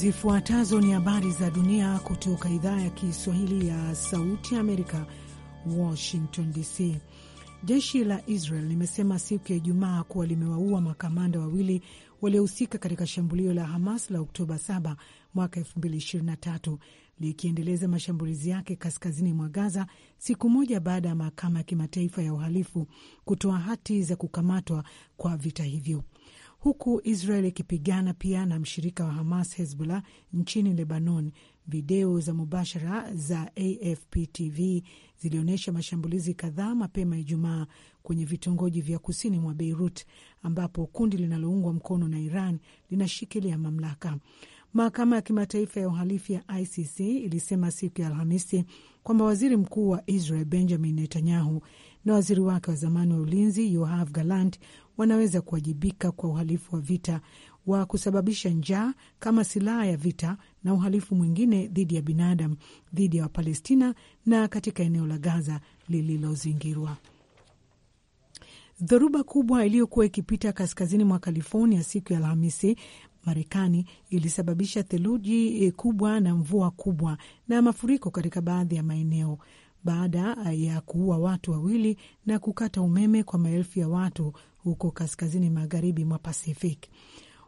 Zifuatazo ni habari za dunia kutoka idhaa ya Kiswahili ya Sauti Amerika, Washington DC. Jeshi la Israel limesema siku ya Ijumaa kuwa limewaua makamanda wawili waliohusika katika shambulio la Hamas la Oktoba 7 mwaka 2023 likiendeleza mashambulizi yake kaskazini mwa Gaza siku moja baada ya mahakama ya kimataifa ya uhalifu kutoa hati za kukamatwa kwa vita hivyo huku Israel ikipigana pia na mshirika wa Hamas, Hezbollah nchini Lebanon. Video za mubashara za AFP TV zilionyesha mashambulizi kadhaa mapema Ijumaa kwenye vitongoji vya kusini mwa Beirut ambapo kundi linaloungwa mkono na Iran linashikilia mamlaka. Mahakama ya Kimataifa ya Uhalifu ya ICC ilisema siku ya Alhamisi kwamba waziri mkuu wa Israel Benjamin Netanyahu na waziri wake wa zamani wa ulinzi Yoav Gallant wanaweza kuwajibika kwa uhalifu wa vita wa kusababisha njaa kama silaha ya vita na uhalifu mwingine dhidi ya binadamu dhidi ya Wapalestina na katika eneo la Gaza lililozingirwa. Dhoruba kubwa iliyokuwa ikipita kaskazini mwa California siku ya Alhamisi Marekani ilisababisha theluji eh, kubwa na mvua kubwa na mafuriko katika baadhi ya maeneo baada ya kuua watu wawili na kukata umeme kwa maelfu ya watu huko kaskazini magharibi mwa Pacific.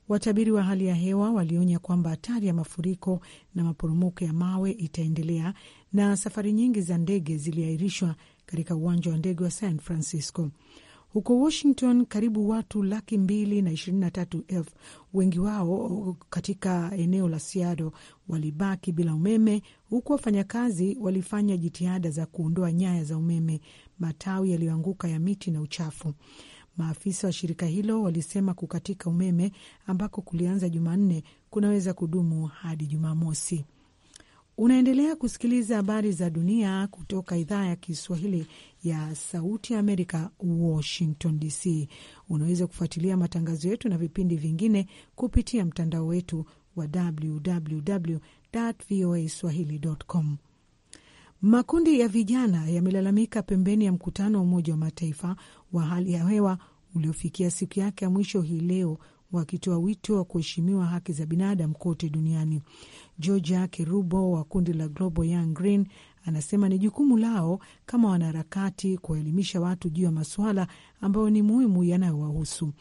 Watabiri wa hali ya hewa walionya kwamba hatari ya mafuriko na maporomoko ya mawe itaendelea na safari nyingi za ndege ziliahirishwa katika uwanja wa ndege wa San Francisco. Huko Washington, karibu watu laki mbili na ishirini na tatu elfu, wengi wao katika eneo la Seattle, walibaki bila umeme, huku wafanyakazi walifanya jitihada za kuondoa nyaya za umeme, matawi yaliyoanguka ya miti na uchafu. Maafisa wa shirika hilo walisema kukatika umeme ambako kulianza Jumanne kunaweza kudumu hadi Jumamosi. Unaendelea kusikiliza habari za dunia kutoka idhaa ya Kiswahili ya Sauti ya Amerika, Washington DC. Unaweza kufuatilia matangazo yetu na vipindi vingine kupitia mtandao wetu wa www voa swahili.com. Makundi ya vijana yamelalamika pembeni ya mkutano wa Umoja wa Mataifa wa hali ya hewa uliofikia siku yake ya mwisho hii leo wakitoa wito wa kuheshimiwa haki za binadamu kote duniani. Georgia Kerubo wa kundi la Global Young Green anasema ni jukumu lao kama wanaharakati kuwaelimisha watu juu ya masuala ambayo ni muhimu yanayowahusu.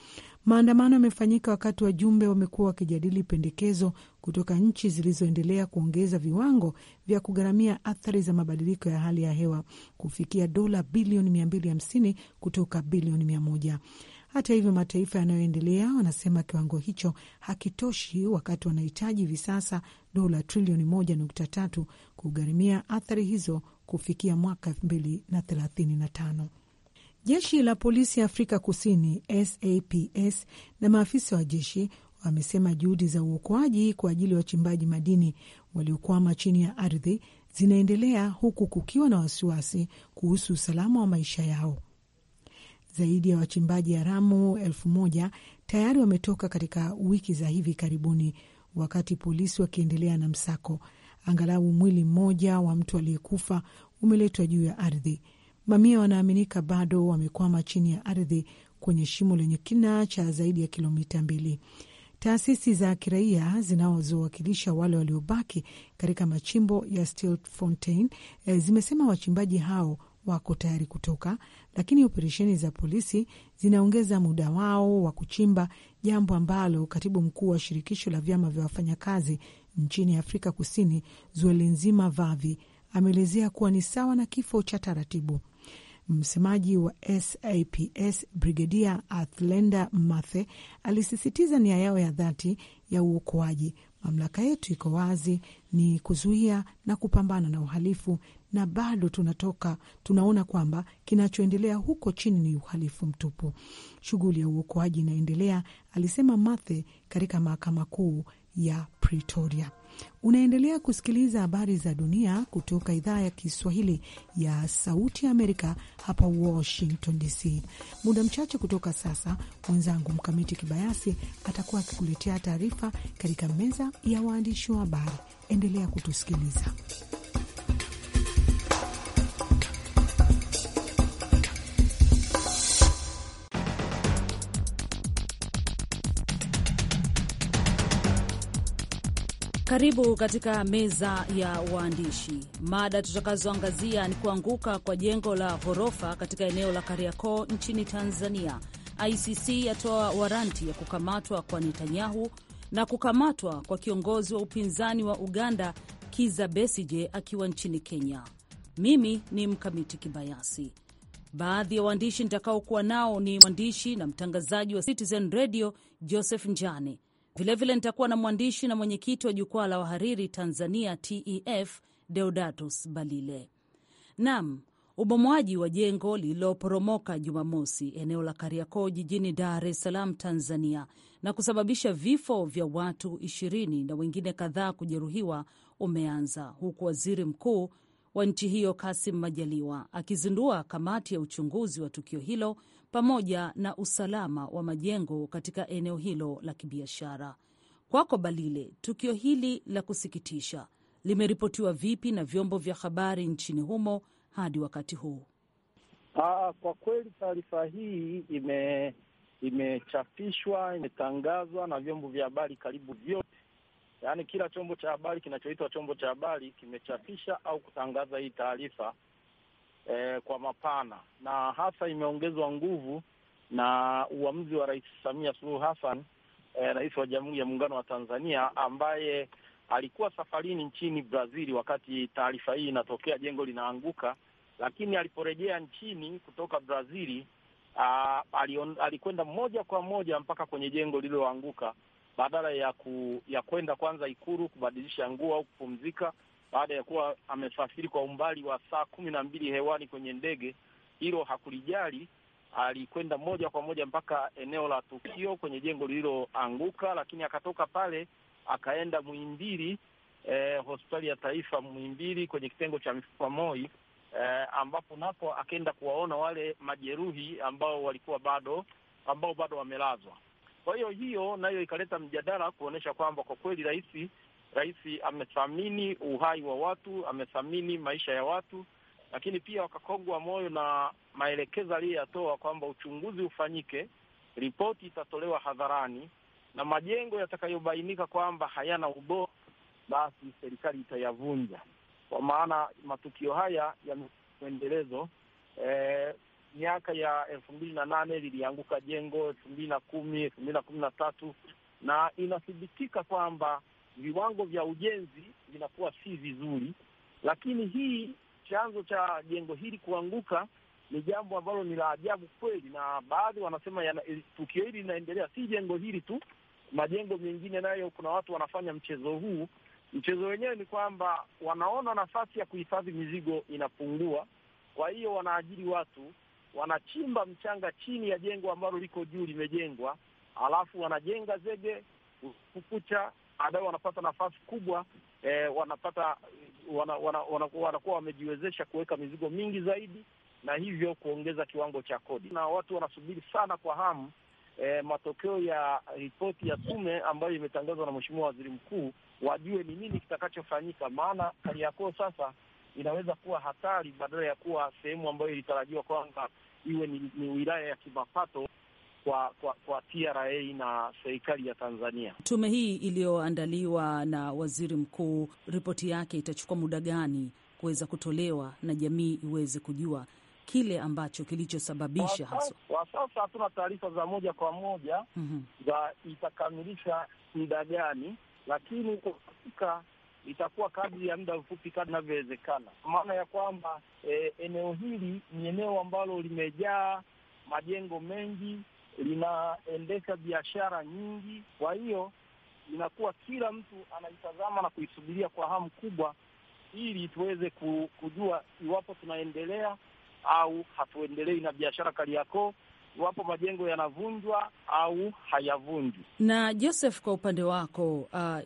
Maandamano yamefanyika wakati wajumbe wamekuwa wakijadili pendekezo kutoka nchi zilizoendelea kuongeza viwango vya kugharamia athari za mabadiliko ya hali ya hewa kufikia dola bilioni 250 kutoka bilioni 100. Hata hivyo, mataifa yanayoendelea wanasema kiwango hicho hakitoshi, wakati wanahitaji hivi sasa dola trilioni 1.3 kugharimia athari hizo kufikia mwaka 2035. Jeshi la polisi ya Afrika Kusini SAPS na maafisa wa jeshi wamesema juhudi za uokoaji kwa ajili ya wa wachimbaji madini waliokwama chini ya ardhi zinaendelea huku kukiwa na wasiwasi kuhusu usalama wa maisha yao. Zaidi ya wachimbaji haramu elfu moja tayari wametoka katika wiki za hivi karibuni, wakati polisi wakiendelea na msako. Angalau mwili mmoja wa mtu aliyekufa umeletwa juu ya ardhi. Mamia wanaaminika bado wamekwama chini ya ardhi kwenye shimo lenye kina cha zaidi ya kilomita mbili. Taasisi za kiraia zinazowakilisha wale waliobaki katika machimbo ya Stilfontein eh, zimesema wachimbaji hao wako tayari kutoka, lakini operesheni za polisi zinaongeza muda wao wa kuchimba, jambo ambalo katibu mkuu wa shirikisho la vyama vya wafanyakazi nchini Afrika Kusini Zwelinzima Vavi ameelezea kuwa ni sawa na kifo cha taratibu. Msemaji wa SAPS Brigedia Athlenda Mathe alisisitiza nia yao ya dhati ya uokoaji. Mamlaka yetu iko wazi, ni kuzuia na kupambana na uhalifu na bado tunatoka tunaona kwamba kinachoendelea huko chini ni uhalifu mtupu. Shughuli ya uokoaji inaendelea, alisema Mathe katika mahakama kuu ya Pretoria. Unaendelea kusikiliza habari za dunia kutoka idhaa ya Kiswahili ya Sauti ya Amerika hapa Washington DC. Muda mchache kutoka sasa, mwenzangu Mkamiti Kibayasi atakuwa akikuletea taarifa katika meza ya waandishi wa habari. Endelea kutusikiliza. Karibu katika meza ya waandishi. Mada tutakazoangazia ni kuanguka kwa jengo la ghorofa katika eneo la Kariakoo nchini Tanzania, ICC yatoa waranti ya kukamatwa kwa Netanyahu na kukamatwa kwa kiongozi wa upinzani wa Uganda Kiza Besije akiwa nchini Kenya. Mimi ni Mkamiti Kibayasi. Baadhi ya waandishi nitakaokuwa nao ni mwandishi na mtangazaji wa Citizen Radio Joseph Njane Vilevile nitakuwa na mwandishi na mwenyekiti wa jukwaa la wahariri Tanzania TEF Deodatus Balile. Naam, ubomoaji wa jengo lililoporomoka Jumamosi eneo la Kariakoo jijini Dar es Salaam, Tanzania, na kusababisha vifo vya watu ishirini na wengine kadhaa kujeruhiwa umeanza huku waziri mkuu wa nchi hiyo Kasim Majaliwa akizindua kamati ya uchunguzi wa tukio hilo pamoja na usalama wa majengo katika eneo hilo la kibiashara. Kwako Balile, tukio hili la kusikitisha limeripotiwa vipi na vyombo vya habari nchini humo hadi wakati huu? Aa, ah, ah, kwa kweli taarifa hii ime imechapishwa imetangazwa na vyombo vya habari karibu vyote, yaani kila chombo cha habari kinachoitwa chombo cha habari kimechapisha au kutangaza hii taarifa eh, kwa mapana na hasa imeongezwa nguvu na uamuzi wa Rais Samia Suluhu Hassan eh, rais wa Jamhuri ya Muungano wa Tanzania ambaye alikuwa safarini nchini brazili wakati taarifa hii inatokea, jengo linaanguka, lakini aliporejea nchini kutoka brazili ah, alikwenda moja kwa moja mpaka kwenye jengo lililoanguka badala ya ku, ya kwenda kwanza Ikulu kubadilisha nguo au kupumzika baada ya kuwa amesafiri kwa umbali wa saa kumi na mbili hewani kwenye ndege. Hilo hakulijali, alikwenda moja kwa moja mpaka eneo la tukio kwenye jengo lililoanguka, lakini akatoka pale akaenda Muhimbili, eh, hospitali ya taifa Muhimbili kwenye kitengo cha mifupa MOI, eh, ambapo napo akaenda kuwaona wale majeruhi ambao walikuwa bado ambao bado wamelazwa. Kwa hiyo hiyo nayo ikaleta mjadala kuonyesha kwamba kwa kweli rais rais amethamini uhai wa watu, amethamini maisha ya watu, lakini pia wakakogwa moyo na maelekezo aliyoyatoa kwamba uchunguzi ufanyike, ripoti itatolewa hadharani, na majengo yatakayobainika kwamba hayana ubora, basi serikali itayavunja, kwa maana matukio haya ya mwendelezo eh, miaka ya elfu mbili na nane lilianguka jengo elfu mbili na kumi elfu mbili na kumi na tatu na inathibitika kwamba viwango vya ujenzi vinakuwa si vizuri, lakini hii chanzo cha jengo hili kuanguka ni jambo ambalo ni la ajabu kweli, na baadhi wanasema yana, eh, tukio hili linaendelea, si jengo hili tu, majengo mengine nayo kuna watu wanafanya mchezo huu. Mchezo wenyewe ni kwamba wanaona nafasi ya kuhifadhi mizigo inapungua, kwa hiyo wanaajiri watu, wanachimba mchanga chini ya jengo ambalo liko juu limejengwa, alafu wanajenga zege kukucha baadaye wanapata nafasi kubwa eh, wanapata wanakuwa wana, wana wamejiwezesha kuweka mizigo mingi zaidi na hivyo kuongeza kiwango cha kodi, na watu wanasubiri sana kwa hamu eh, matokeo ya ripoti ya tume ambayo imetangazwa na Mheshimiwa Waziri Mkuu, wajue ni nini kitakachofanyika, maana Kariakoo sasa inaweza kuwa hatari badala ya kuwa sehemu ambayo ilitarajiwa kwamba iwe ni, ni wilaya ya kimapato kwa, kwa, kwa TRA na serikali ya Tanzania. Tume hii iliyoandaliwa na waziri mkuu, ripoti yake itachukua muda gani kuweza kutolewa na jamii iweze kujua kile ambacho kilichosababisha haswa? Kwa sasa hatuna taarifa za moja kwa moja mm -hmm. za itakamilisha muda gani, lakini kwa hakika itakuwa kadri ya muda mfupi kadri inavyowezekana, maana ya kwamba e, eneo hili ni eneo ambalo limejaa majengo mengi linaendesha biashara nyingi, kwa hiyo inakuwa kila mtu anaitazama na kuisubiria kwa hamu kubwa, ili tuweze kujua iwapo tunaendelea au hatuendelei na biashara Kariakoo, iwapo majengo yanavunjwa au hayavunjwi. Na Joseph, kwa upande wako, uh,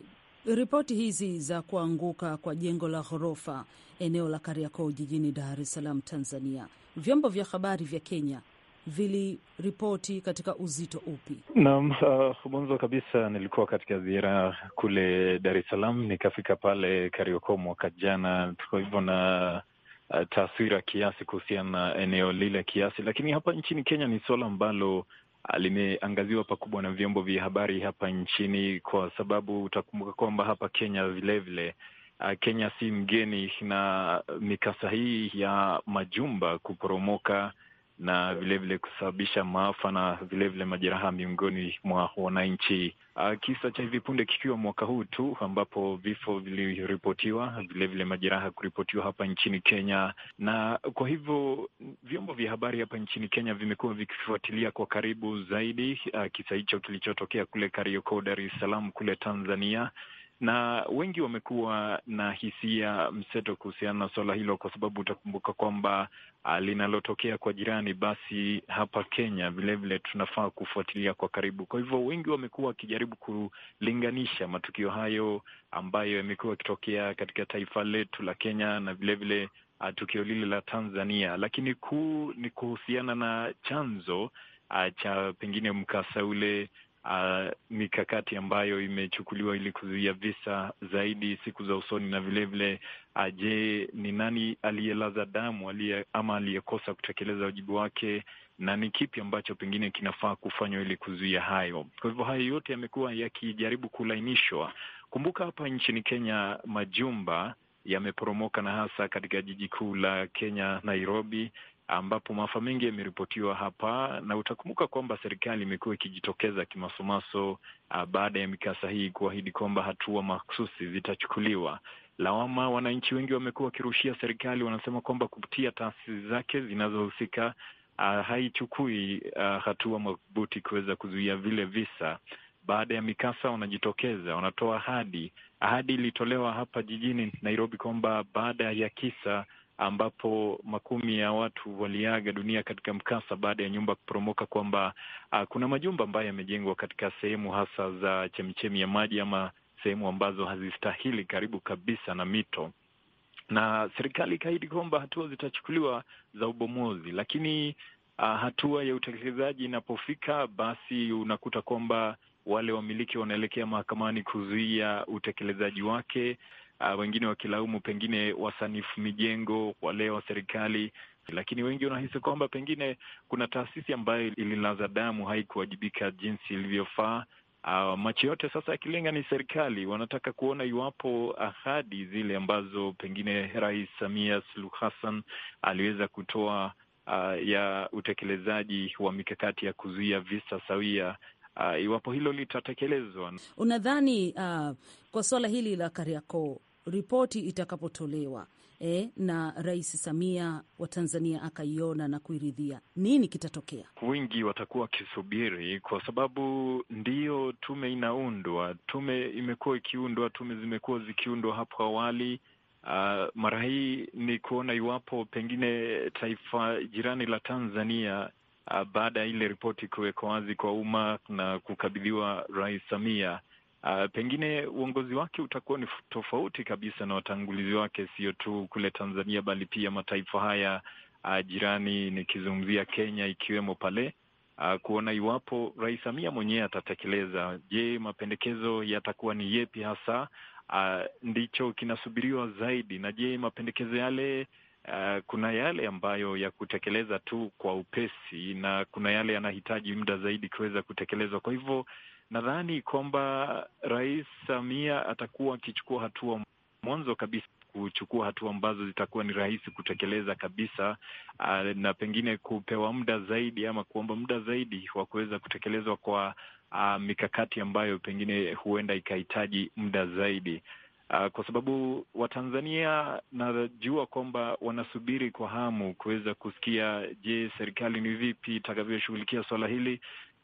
ripoti hizi za kuanguka kwa jengo la ghorofa eneo la Kariakoo jijini Dar es Salaam, Tanzania, vyombo vya habari vya Kenya viliripoti katika uzito upi? Naam, uh, mwanzo kabisa nilikuwa katika ziara kule Dar es Salaam, nikafika pale Kariokoo mwaka jana, kwa hivyo na uh, taswira kiasi kuhusiana na eneo lile kiasi, lakini hapa nchini Kenya ni suala ambalo uh, limeangaziwa pakubwa na vyombo vya habari hapa nchini, kwa sababu utakumbuka kwamba hapa Kenya vilevile vile, uh, Kenya si mgeni na mikasa hii ya majumba kuporomoka na vilevile kusababisha maafa na vilevile majeraha miongoni mwa wananchi. Ah, kisa cha hivi punde kikiwa mwaka huu tu ambapo vifo viliripotiwa, vilevile majeraha kuripotiwa hapa nchini Kenya. Na kwa hivyo vyombo vya habari hapa nchini Kenya vimekuwa vikifuatilia kwa karibu zaidi ah, kisa hicho kilichotokea kule karioko Dar es Salaam kule Tanzania, na wengi wamekuwa na hisia mseto kuhusiana na suala hilo, kwa sababu utakumbuka kwamba ah, linalotokea kwa jirani, basi hapa Kenya vilevile tunafaa kufuatilia kwa karibu. Kwa hivyo wengi wamekuwa wakijaribu kulinganisha matukio hayo ambayo yamekuwa yakitokea katika taifa letu la Kenya na vilevile ah, tukio lile la Tanzania, lakini kuu ni kuhusiana na chanzo ah, cha pengine mkasa ule uh, mikakati ambayo imechukuliwa ili kuzuia visa zaidi siku za usoni, na vilevile uh, ah, je, ni nani aliyelaza damu alie, ama aliyekosa kutekeleza wajibu wake na ni kipi ambacho pengine kinafaa kufanywa ili kuzuia hayo. Kwa hivyo hayo yote yamekuwa yakijaribu kulainishwa. Kumbuka hapa nchini Kenya majumba yameporomoka na hasa katika jiji kuu la Kenya Nairobi, ambapo maafa mengi yameripotiwa hapa, na utakumbuka kwamba serikali imekuwa ikijitokeza kimasomaso ah, baada ya mikasa hii kuahidi kwamba hatua mahsusi zitachukuliwa. Lawama wananchi wengi wamekuwa wakirushia serikali, wanasema kwamba kupitia taasisi zake zinazohusika Uh, haichukui uh, hatua madhubuti kuweza kuzuia vile visa. Baada ya mikasa wanajitokeza, wanatoa ahadi. Ahadi ilitolewa hapa jijini Nairobi kwamba baada ya kisa ambapo makumi ya watu waliaga dunia katika mkasa baada ya nyumba kuporomoka, kwamba uh, kuna majumba ambayo yamejengwa katika sehemu hasa za chemichemi ya maji ama sehemu ambazo hazistahili karibu kabisa na mito, na serikali ikaahidi kwamba hatua zitachukuliwa za ubomozi, lakini uh, hatua ya utekelezaji inapofika, basi unakuta kwamba wale wamiliki wanaelekea mahakamani kuzuia utekelezaji wake uh, wengine wakilaumu pengine wasanifu mijengo wale wa serikali, lakini wengi wanahisi kwamba pengine kuna taasisi ambayo ililaza damu haikuwajibika jinsi ilivyofaa. Uh, ah, machi yote sasa yakilenga ni serikali. Wanataka kuona iwapo ahadi zile ambazo pengine Rais Samia sulu Hassan aliweza kutoa Uh, ya utekelezaji wa mikakati ya kuzuia visa sawia uh, iwapo hilo litatekelezwa. Unadhani uh, kwa suala hili la Kariakoo ripoti itakapotolewa E, na Rais Samia wa Tanzania akaiona na kuiridhia, nini kitatokea? Wingi watakuwa wakisubiri, kwa sababu ndiyo tume inaundwa. Tume imekuwa ikiundwa, tume zimekuwa zikiundwa hapo awali. Uh, mara hii ni kuona iwapo pengine taifa jirani la Tanzania uh, baada ya ile ripoti kuwekwa wazi kwa umma na kukabidhiwa Rais Samia, uh, pengine uongozi wake utakuwa ni tofauti kabisa na watangulizi wake, sio tu kule Tanzania bali pia mataifa haya uh, jirani, nikizungumzia Kenya ikiwemo pale Uh, kuona iwapo Rais Samia mwenyewe atatekeleza. Je, mapendekezo yatakuwa ni yepi hasa? Uh, ndicho kinasubiriwa zaidi. Na je, mapendekezo yale Uh, kuna yale ambayo ya kutekeleza tu kwa upesi na kuna yale yanahitaji muda zaidi kuweza kutekelezwa. Kwa hivyo nadhani kwamba Rais Samia atakuwa akichukua hatua mwanzo kabisa kuchukua hatua ambazo zitakuwa ni rahisi kutekeleza kabisa, uh, na pengine kupewa muda zaidi ama kuomba muda zaidi wa kuweza kutekelezwa kwa uh, mikakati ambayo pengine huenda ikahitaji muda zaidi uh, kwa sababu Watanzania najua kwamba wanasubiri kwa hamu kuweza kusikia, je, serikali ni vipi itakavyoshughulikia swala hili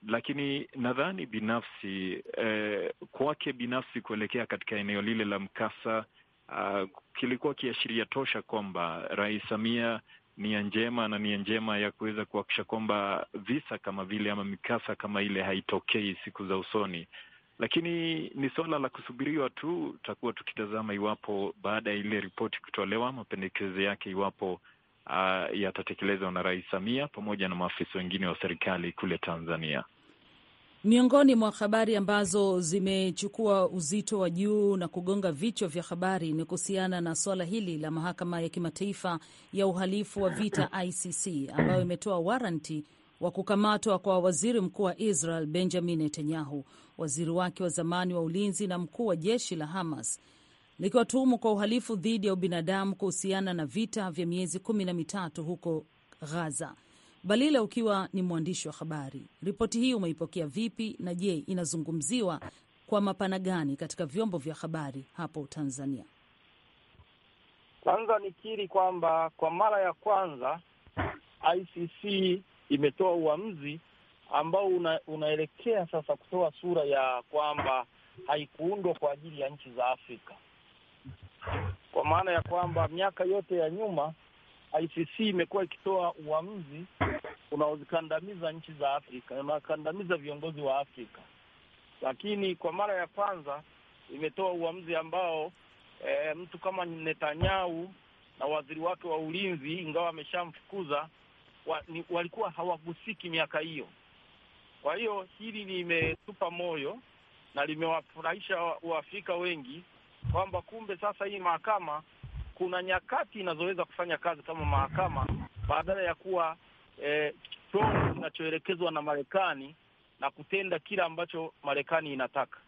lakini nadhani binafsi eh, kwake binafsi kuelekea katika eneo lile la mkasa uh, kilikuwa kiashiria tosha kwamba Rais Samia nia njema na nia njema ya kuweza kuhakikisha kwamba visa kama vile ama mikasa kama ile haitokei siku za usoni lakini ni suala la kusubiriwa tu. Tutakuwa tukitazama iwapo baada ya ile ripoti kutolewa, mapendekezo yake iwapo uh, yatatekelezwa na Rais Samia pamoja na maafisa wengine wa serikali kule Tanzania. Miongoni mwa habari ambazo zimechukua uzito wa juu na kugonga vichwa vya habari ni kuhusiana na suala hili la mahakama ya kimataifa ya uhalifu wa vita ICC ambayo imetoa waranti wa kukamatwa kwa waziri mkuu wa Israel Benjamin Netanyahu, waziri wake wa zamani wa ulinzi na mkuu wa jeshi la Hamas, likiwatuhumu kwa uhalifu dhidi ya ubinadamu kuhusiana na vita vya miezi kumi na mitatu huko Gaza. Balila, ukiwa ni mwandishi wa habari, ripoti hii umeipokea vipi, na je, inazungumziwa kwa mapana gani katika vyombo vya habari hapo Tanzania? Kwanza nikiri kwamba kwa mara ya kwanza ICC imetoa uamuzi ambao una, unaelekea sasa kutoa sura ya kwamba haikuundwa kwa ajili ya nchi za Afrika, kwa maana ya kwamba miaka yote ya nyuma ICC imekuwa ikitoa uamuzi unaozikandamiza nchi za Afrika, unakandamiza viongozi wa Afrika, lakini kwa mara ya kwanza imetoa uamuzi ambao e, mtu kama Netanyahu na waziri wake wa ulinzi, ingawa ameshamfukuza wa, ni, walikuwa hawagusiki miaka hiyo. Kwa hiyo hili limetupa moyo na limewafurahisha Waafrika wengi kwamba kumbe sasa hii mahakama kuna nyakati inazoweza kufanya kazi kama mahakama badala ya kuwa eh, kinachoelekezwa na Marekani na kutenda kile ambacho Marekani inataka.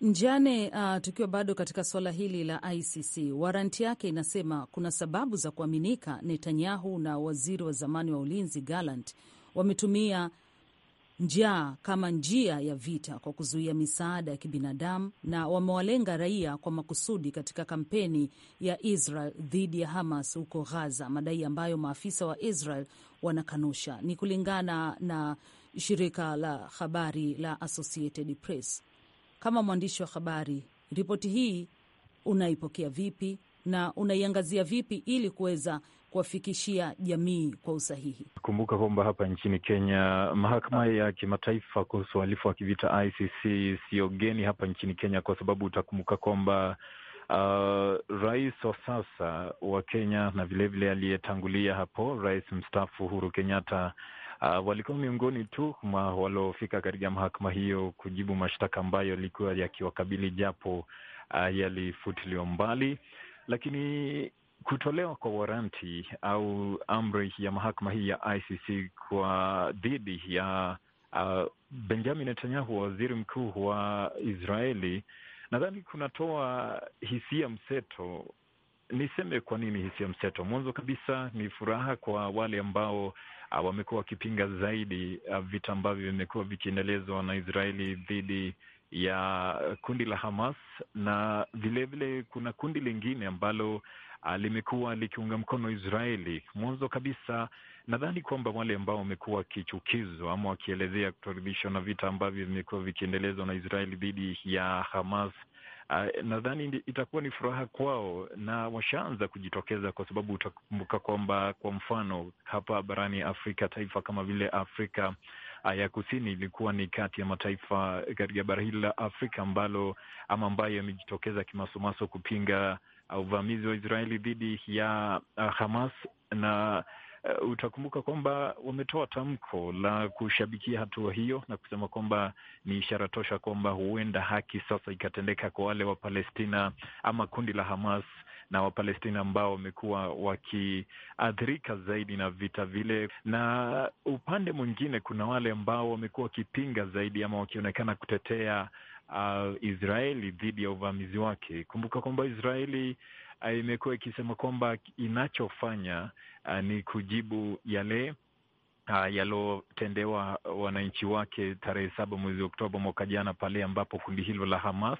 Njane, uh, tukiwa bado katika suala hili la ICC, waranti yake inasema kuna sababu za kuaminika Netanyahu na waziri wa zamani wa ulinzi Gallant wametumia njaa kama njia ya vita kwa kuzuia misaada ya kibinadamu na wamewalenga raia kwa makusudi katika kampeni ya Israel dhidi ya Hamas huko Gaza, madai ambayo maafisa wa Israel wanakanusha. Ni kulingana na shirika la habari la Associated Press kama mwandishi wa habari, ripoti hii unaipokea vipi na unaiangazia vipi ili kuweza kuwafikishia jamii kwa usahihi. Kumbuka kwamba hapa nchini Kenya mahakama ya kimataifa kuhusu uhalifu wa kivita ICC siyo geni hapa nchini Kenya, kwa sababu utakumbuka kwamba uh, rais wa sasa wa Kenya na vilevile aliyetangulia hapo, rais mstaafu Uhuru Kenyatta uh, walikuwa miongoni tu mwa waliofika katika mahakama hiyo kujibu mashtaka ambayo yalikuwa yakiwakabili, japo uh, yalifutiliwa mbali, lakini kutolewa kwa waranti au amri ya mahakama hii ya ICC kwa dhidi ya uh, Benjamin Netanyahu, waziri mkuu wa Israeli, nadhani kunatoa hisia mseto. Niseme kwa nini hisia mseto? Mwanzo kabisa ni furaha kwa wale ambao uh, wamekuwa wakipinga zaidi uh, vita ambavyo vimekuwa vikiendelezwa na Israeli dhidi ya kundi la Hamas na vilevile vile kuna kundi lingine ambalo ah, limekuwa likiunga mkono Israeli mwanzo kabisa. Nadhani kwamba wale ambao wamekuwa wakichukizwa ama wakielezea kutoridhishwa na vita ambavyo vimekuwa vikiendelezwa na Israeli dhidi ya Hamas uh, nadhani itakuwa ni furaha kwao na washaanza kujitokeza, kwa sababu utakumbuka kwamba kwa mfano hapa barani Afrika taifa kama vile Afrika ah, ya Kusini ilikuwa ni kati ya mataifa katika bara hili la Afrika ambalo ama ambayo yamejitokeza kimasomaso kupinga ah, uvamizi wa Israeli dhidi ya uh, Hamas na uh, utakumbuka kwamba wametoa tamko la kushabikia hatua hiyo na kusema kwamba ni ishara tosha kwamba huenda haki sasa ikatendeka kwa wale Wapalestina ama kundi la Hamas na Wapalestina ambao wamekuwa wakiathirika zaidi na vita vile, na upande mwingine kuna wale ambao wamekuwa wakipinga zaidi ama wakionekana kutetea uh, Israeli dhidi ya uvamizi wake. Kumbuka kwamba Israeli uh, imekuwa ikisema kwamba inachofanya uh, ni kujibu yale Uh, yalotendewa wananchi wake tarehe saba mwezi Oktoba mwaka jana pale ambapo kundi hilo la Hamas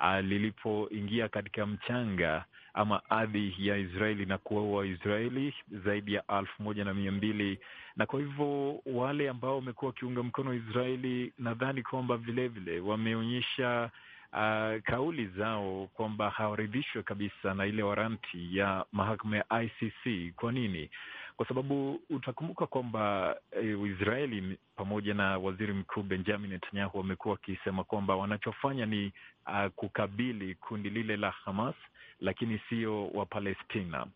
uh, lilipoingia katika mchanga ama ardhi ya Israeli na kuwaua Waisraeli zaidi ya elfu moja na mia mbili na kwa hivyo wale ambao wamekuwa wakiunga mkono Israeli nadhani kwamba vilevile wameonyesha uh, kauli zao kwamba hawaridhishwe kabisa na ile waranti ya mahakama ya ICC. Kwa nini? Kwa sababu utakumbuka kwamba uh, Israeli pamoja na waziri mkuu Benjamin Netanyahu wamekuwa wakisema kwamba wanachofanya ni uh, kukabili kundi lile la Hamas, lakini sio Wapalestina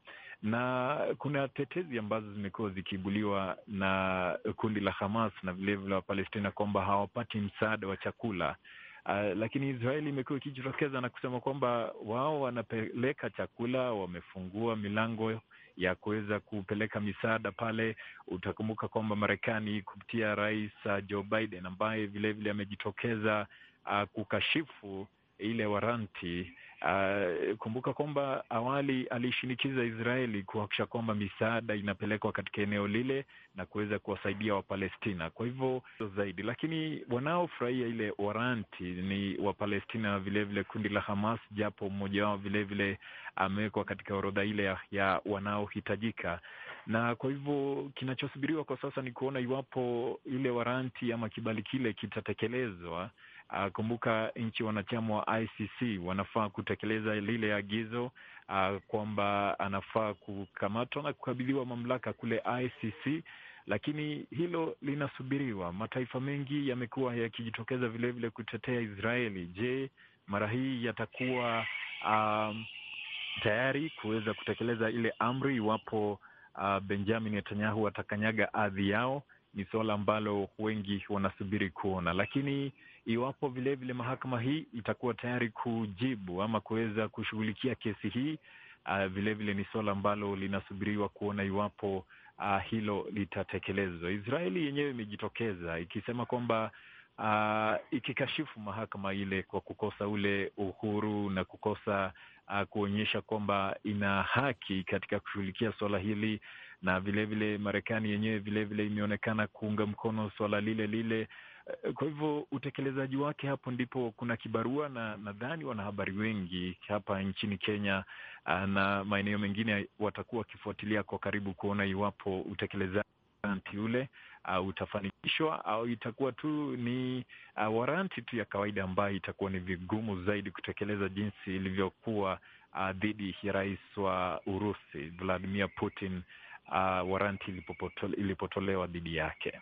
na kuna tetezi ambazo zimekuwa zikiibuliwa na kundi la Hamas na vilevile Wapalestina kwamba hawapati msaada wa chakula uh, lakini Israeli imekuwa ikijitokeza na kusema kwamba wao wanapeleka chakula, wamefungua milango ya kuweza kupeleka misaada pale. Utakumbuka kwamba Marekani kupitia Rais uh, Joe Biden ambaye vilevile amejitokeza uh, kukashifu ile waranti Uh, kumbuka kwamba awali alishinikiza Israeli kuhakikisha kwamba misaada inapelekwa katika eneo lile na kuweza kuwasaidia Wapalestina. Kwa hivyo zaidi, lakini wanaofurahia ile waranti ni Wapalestina na vilevile kundi la Hamas, japo mmoja wao vilevile amewekwa katika orodha ile ya, ya wanaohitajika. Na kwa hivyo kinachosubiriwa kwa sasa ni kuona iwapo ile waranti ama kibali kile kitatekelezwa Uh, kumbuka nchi wanachama wa ICC wanafaa kutekeleza lile agizo uh, kwamba anafaa kukamatwa na kukabidhiwa mamlaka kule ICC, lakini hilo linasubiriwa. Mataifa mengi yamekuwa yakijitokeza vilevile kutetea Israeli. Je, mara hii yatakuwa um, tayari kuweza kutekeleza ile amri iwapo uh, Benjamin Netanyahu atakanyaga ardhi yao? Ni suala ambalo wengi wanasubiri kuona, lakini iwapo vilevile vile mahakama hii itakuwa tayari kujibu ama kuweza kushughulikia kesi hii. Vilevile ah, uh, vile ni suala ambalo linasubiriwa kuona iwapo uh, hilo litatekelezwa. Israeli yenyewe imejitokeza ikisema kwamba uh, ikikashifu mahakama ile kwa kukosa ule uhuru na kukosa uh, kuonyesha kwamba ina haki katika kushughulikia suala hili, na vilevile Marekani yenyewe vilevile imeonekana kuunga mkono suala lile lile Eh, kwa hivyo utekelezaji wake, hapo ndipo kuna kibarua, na nadhani wanahabari wengi hapa nchini Kenya eh, na maeneo mengine watakuwa wakifuatilia kwa karibu kuona iwapo utekelezaji waranti ule uh, utafanikishwa au itakuwa tu ni uh, waranti tu ya kawaida ambayo itakuwa ni vigumu zaidi kutekeleza jinsi ilivyokuwa uh, dhidi ya rais wa Urusi Vladimir Putin uh, waranti ilipotolewa dhidi yake.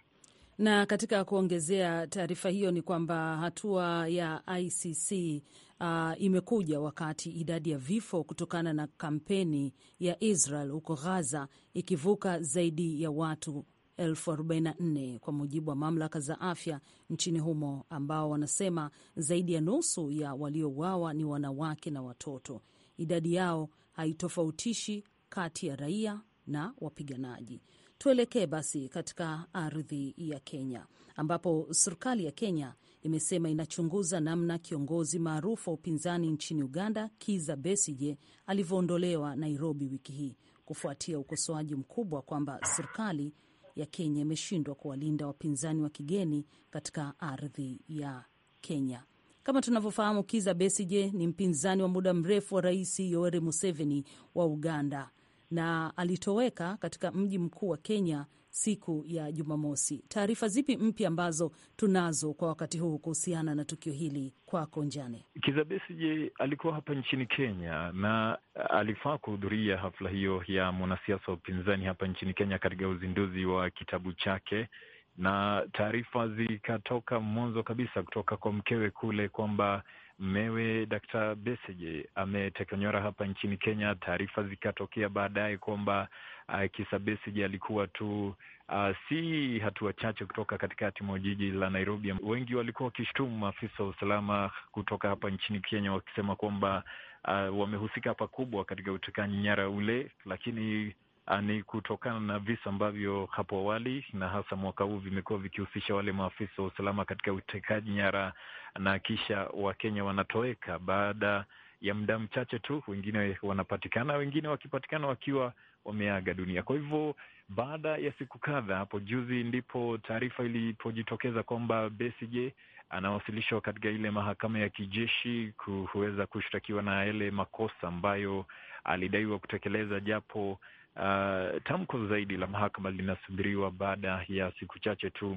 Na katika kuongezea taarifa hiyo ni kwamba hatua ya ICC uh, imekuja wakati idadi ya vifo kutokana na kampeni ya Israel huko Gaza ikivuka zaidi ya watu elfu 44 kwa mujibu wa mamlaka za afya nchini humo, ambao wanasema zaidi ya nusu ya waliouawa ni wanawake na watoto. Idadi yao haitofautishi kati ya raia na wapiganaji. Tuelekee basi katika ardhi ya Kenya ambapo serikali ya Kenya imesema inachunguza namna kiongozi maarufu wa upinzani nchini Uganda Kiza Besije alivyoondolewa Nairobi wiki hii kufuatia ukosoaji mkubwa kwamba serikali ya Kenya imeshindwa kuwalinda wapinzani wa kigeni katika ardhi ya Kenya. Kama tunavyofahamu, Kiza Besije ni mpinzani wa muda mrefu wa Rais Yoweri Museveni wa Uganda na alitoweka katika mji mkuu wa Kenya siku ya Jumamosi. Taarifa zipi mpya ambazo tunazo kwa wakati huu kuhusiana na tukio hili kwako, Njane? Kizza Besigye alikuwa hapa nchini Kenya na alifaa kuhudhuria hafla hiyo ya mwanasiasa wa upinzani hapa nchini Kenya katika uzinduzi wa kitabu chake, na taarifa zikatoka mwanzo kabisa kutoka kwa mkewe kule kwamba Mmewe Dkt. Besigye ametekwa nyara hapa nchini Kenya. Taarifa zikatokea baadaye kwamba uh, kisa Besigye alikuwa tu uh, si hatua chache kutoka katikati mwa jiji la Nairobi. Wengi walikuwa wakishtumu maafisa wa usalama kutoka hapa nchini Kenya wakisema kwamba uh, wamehusika pakubwa katika utekaji nyara ule, lakini Ah, ni kutokana na visa ambavyo hapo awali na hasa mwaka huu vimekuwa vikihusisha wale maafisa wa usalama katika utekaji nyara, na kisha Wakenya wanatoweka baada ya muda mchache tu, wengine wanapatikana, wengine wakipatikana wakiwa wameaga dunia. Kwa hivyo baada ya siku kadha, hapo juzi ndipo taarifa ilipojitokeza kwamba Besigye anawasilishwa katika ile mahakama ya kijeshi kuweza kushtakiwa na yale makosa ambayo alidaiwa kutekeleza, japo Uh, tamko zaidi la mahakama linasubiriwa baada ya siku chache tu,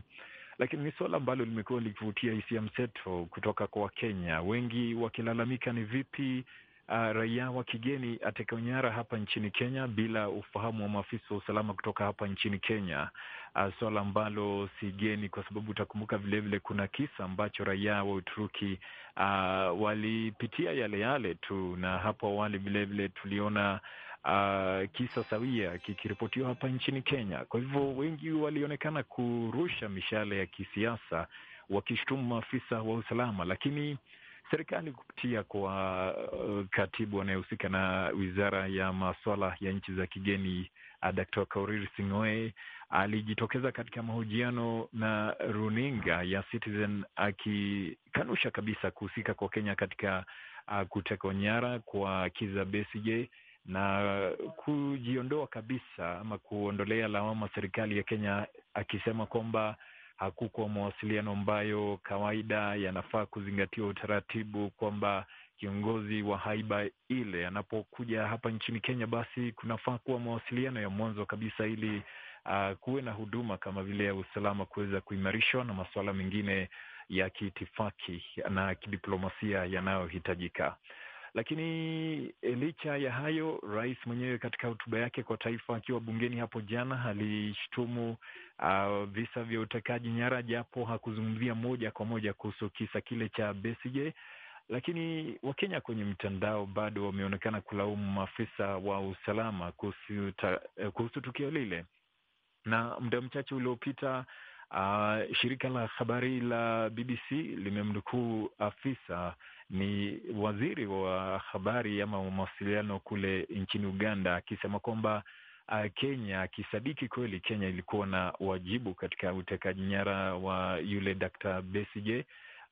lakini ni suala ambalo limekuwa likivutia hisia mseto kutoka kwa Wakenya wengi, wakilalamika ni vipi uh, raia wa kigeni atekanyara hapa nchini Kenya bila ufahamu wa maafisa wa usalama kutoka hapa nchini Kenya. Uh, suala ambalo si geni kwa sababu utakumbuka vilevile kuna kisa ambacho raia wa Uturuki uh, walipitia yale yale tu, na hapo awali vilevile tuliona uh, kisa sawia ah, kikiripotiwa hapa nchini Kenya. Kwa hivyo wengi walionekana kurusha mishale ya kisiasa wakishutumu maafisa wa usalama, lakini serikali kupitia kwa uh, katibu anayehusika na wizara ya maswala ya nchi za kigeni uh, Dkt. Korir Sing'oei alijitokeza katika mahojiano na runinga ya Citizen akikanusha kabisa kuhusika kwa Kenya katika uh, kutekwa nyara kwa Kizza Besigye na kujiondoa kabisa ama kuondolea lawama serikali ya Kenya, akisema kwamba hakukuwa mawasiliano ambayo kawaida yanafaa kuzingatia utaratibu, kwamba kiongozi wa haiba ile anapokuja hapa nchini Kenya, basi kunafaa kuwa mawasiliano ya mwanzo kabisa ili uh, kuwe na huduma kama vile ya usalama kuweza kuimarishwa na masuala mengine ya kiitifaki na kidiplomasia yanayohitajika. Lakini eh, licha ya hayo, rais mwenyewe katika hotuba yake kwa taifa akiwa bungeni hapo jana alishtumu uh, visa vya utekaji nyara, japo hakuzungumzia moja kwa moja kuhusu kisa kile cha Besigye lakini Wakenya kwenye mtandao bado wameonekana kulaumu maafisa wa usalama kuhusu, eh, tukio lile. Na muda mchache uliopita uh, shirika la habari la BBC limemnukuu afisa ni waziri wa habari ama mawasiliano kule nchini Uganda akisema kwamba uh, Kenya akisadiki kweli Kenya ilikuwa na wajibu katika utekaji nyara wa yule Dkt. Besigye.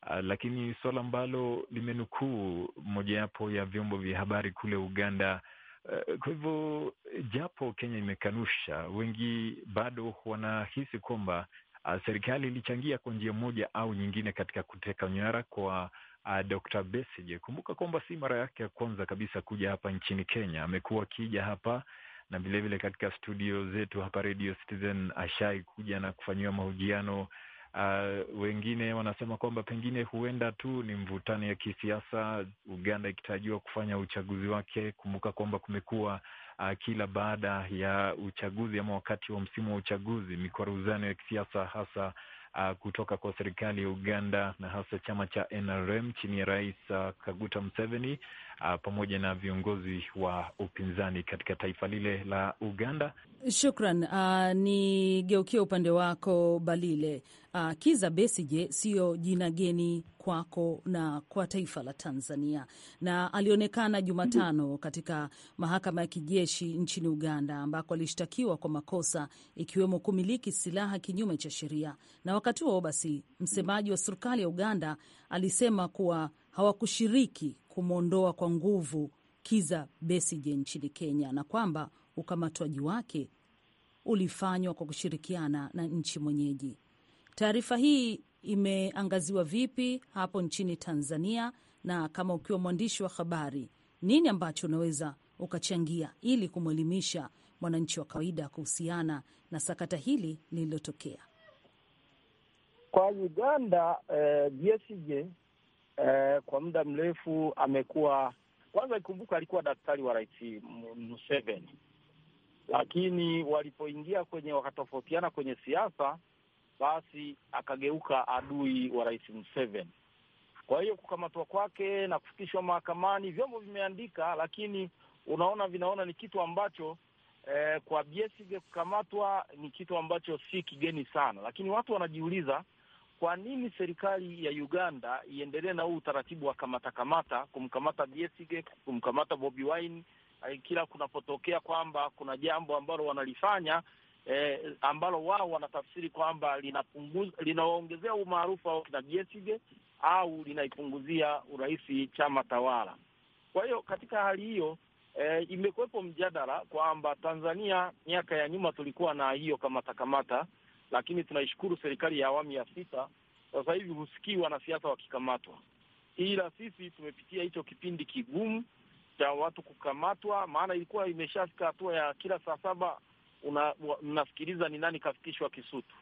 Uh, lakini suala ambalo limenukuu mojawapo ya vyombo vya habari kule Uganda. Uh, kwa hivyo japo Kenya imekanusha, wengi bado wanahisi kwamba uh, serikali ilichangia kwa njia moja au nyingine katika kuteka nyara kwa uh, ah, Dr. Besigye. Kumbuka kwamba si mara yake ya kwanza kabisa kuja hapa nchini Kenya. Amekuwa akija hapa na vilevile katika studio zetu hapa Radio Citizen ashai kuja na kufanyiwa mahojiano. Uh, wengine wanasema kwamba pengine huenda tu ni mvutano ya kisiasa, Uganda ikitarajiwa kufanya uchaguzi wake. Kumbuka kwamba kumekuwa uh, kila baada ya uchaguzi ama wakati wa msimu wa uchaguzi mikwaruzano ya kisiasa hasa uh, kutoka kwa serikali ya Uganda na hasa chama cha NRM chini ya Rais uh, Kaguta Museveni uh, pamoja na viongozi wa upinzani katika taifa lile la Uganda. Shukran. Uh, nigeukia upande wako Balile. Uh, Kiza Besije siyo jina geni kwako na kwa taifa la Tanzania, na alionekana Jumatano mhm. katika mahakama ya kijeshi nchini Uganda ambako alishtakiwa kwa makosa ikiwemo kumiliki silaha kinyume cha sheria. Na wakati huo basi, msemaji wa serikali ya Uganda alisema kuwa hawakushiriki kumwondoa kwa nguvu Kiza besije nchini Kenya na kwamba ukamatwaji wake ulifanywa kwa kushirikiana na nchi mwenyeji. Taarifa hii imeangaziwa vipi hapo nchini Tanzania, na kama ukiwa mwandishi wa habari, nini ambacho unaweza ukachangia ili kumwelimisha mwananchi wa kawaida kuhusiana na sakata hili lililotokea kwa Uganda? Eh, Besigye eh, kwa muda mrefu amekuwa kwanza, ikumbuka alikuwa daktari wa rais Museveni, lakini walipoingia kwenye wakatofautiana kwenye siasa, basi akageuka adui wa rais Museveni. Kwa hiyo kukamatwa kwake na kufikishwa mahakamani, vyombo vimeandika, lakini unaona vinaona ni kitu ambacho eh, kwa Besigye kukamatwa ni kitu ambacho si kigeni sana, lakini watu wanajiuliza kwa nini serikali ya Uganda iendelee na huu utaratibu wa kamata kamata, kumkamata Besigye, kumkamata Bobi Wine eh, kila kunapotokea kwamba kuna jambo ambalo wanalifanya eh, ambalo wao wanatafsiri kwamba linapunguza linawaongezea umaarufu wa kina Besigye au linaipunguzia urahisi chama tawala. Kwa hiyo katika hali hiyo E, imekuwepo mjadala kwamba Tanzania miaka ya nyuma tulikuwa na hiyo kamata kamata lakini tunaishukuru serikali ya awamu ya sita. Sasa hivi husikii wanasiasa wakikamatwa, ila sisi tumepitia hicho kipindi kigumu cha watu kukamatwa, maana ilikuwa imeshafika hatua ya kila saa saba mnasikiliza ni nani kafikishwa Kisutu.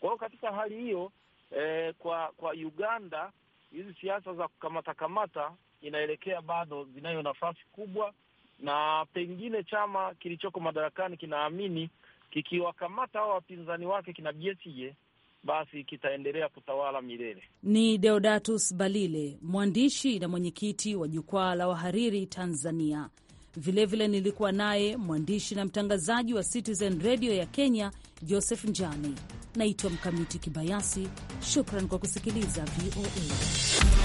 Kwa hiyo katika hali hiyo eh, kwa kwa Uganda hizi siasa za kukamata kamata inaelekea bado zinayo nafasi kubwa, na pengine chama kilichoko madarakani kinaamini kikiwakamata hao wapinzani wake kina Besigye basi kitaendelea kutawala milele. Ni Deodatus Balile, mwandishi na mwenyekiti wa Jukwaa la Wahariri Tanzania. Vilevile vile nilikuwa naye mwandishi na mtangazaji wa Citizen Radio ya Kenya, Joseph Njani. Naitwa Mkamiti Kibayasi. Shukran kwa kusikiliza VOA.